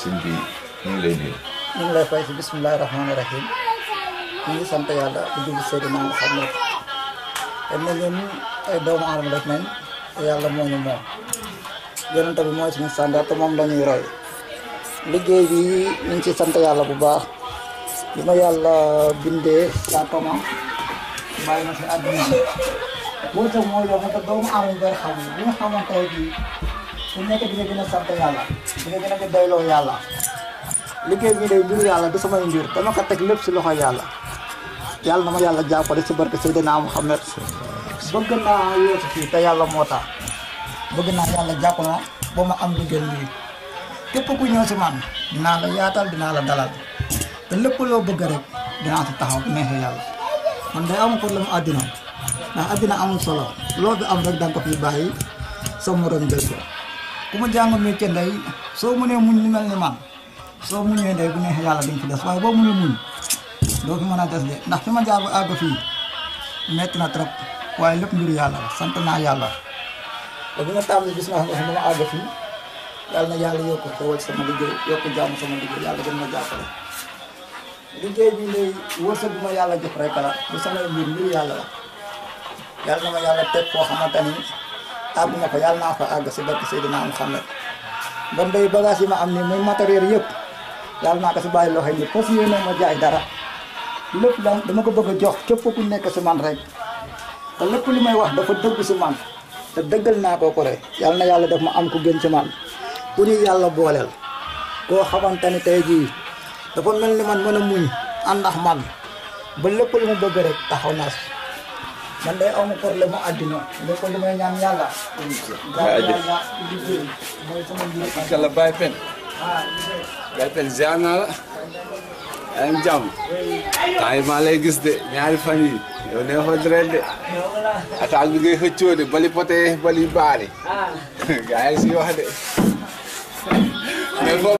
sëñ bi ñu ngi lay nuyu. ñu ngi lay fay si bisimilah rahmaani rahim ngi sant yàlla di jublu Seydina Muhammad xam ne ñun ay doomu aadama yàlla moo ñu moom mooy suñu standard te moom la ñuy roy liggéey bi ñu ci sant yàlla bu baax bi ma yàlla bindee saa toma bàyyi ma si àdduna bi moo yow ma te doomu aadama bi xam ne bi nga xamante ne bii su nekk di nga gën sant yàlla di nga gën a yàlla liggéey bii day mbir yàlla du samay mbir dama ko teg lépp si loxo yàlla yàlla na ma yàlla jàppale si barke Seydina Muhammad bëgg naa yéesu fii te yàlla moo tax bëgg naa yàlla jàpp ma ba ma am lu lii képp ku ñëw si man dinaa la yaatal dinaa la dalal te lépp loo bëgg rek dinaa si taxaw bu neexee yàlla man day amul problème àddina ndax àddina amul solo loolu bi am rek danga ko fi bàyyi sa morom ku ma jàngal métier ndey soo mënee muñ ñu mel ni man soo muñee ndey bu neexee yàlla dañ fi des waaye boo mënul muñ doo fi mën a des de ndax fi ma jaar ba àgg fii metti na trop waaye lépp mbiru yàlla sant naa yàlla te bi nga tàmbalee gis naa xam na yàlla yokk xewal sama liggéey yokk jàmm sama liggéey yàlla gën ma jàppale liggéey bi lay wërsëg bi ma yàlla jox rek la du sama mbir mbiru yàlla la yàlla na ma yàlla teg koo xamante ni àgg nga fa yàlla naa fa àgg si barke Seydina Muhammad ba mbay bagage yi ma am nii muy matériel yëpp yàlla naa ko si bàyyi loxo ni fas yéene ma jaay dara lépp lan dama ko bëgg a jox képp ku nekk si man rek te lépp li may wax dafa dëgg si man te dëggal naa koo ko rek yàlla na yàlla def ma am ku gën si man ku ni yàlla booleel koo xamante ni tey jii dafa mel ni man mën a muñ àndax man ba lépp lu ma bëgg rek taxaw naa si man day aw ma problème mu àddina mais kon mooy sama njëriñ. kala Baye Pen. Baye ah, Pen ziar naa la. yaa yi lay gis de ñaari fan yi yow nee fa dërët de. attaque bi ngay xëccoo de bali pote bali baale. Ah. gars si wax de.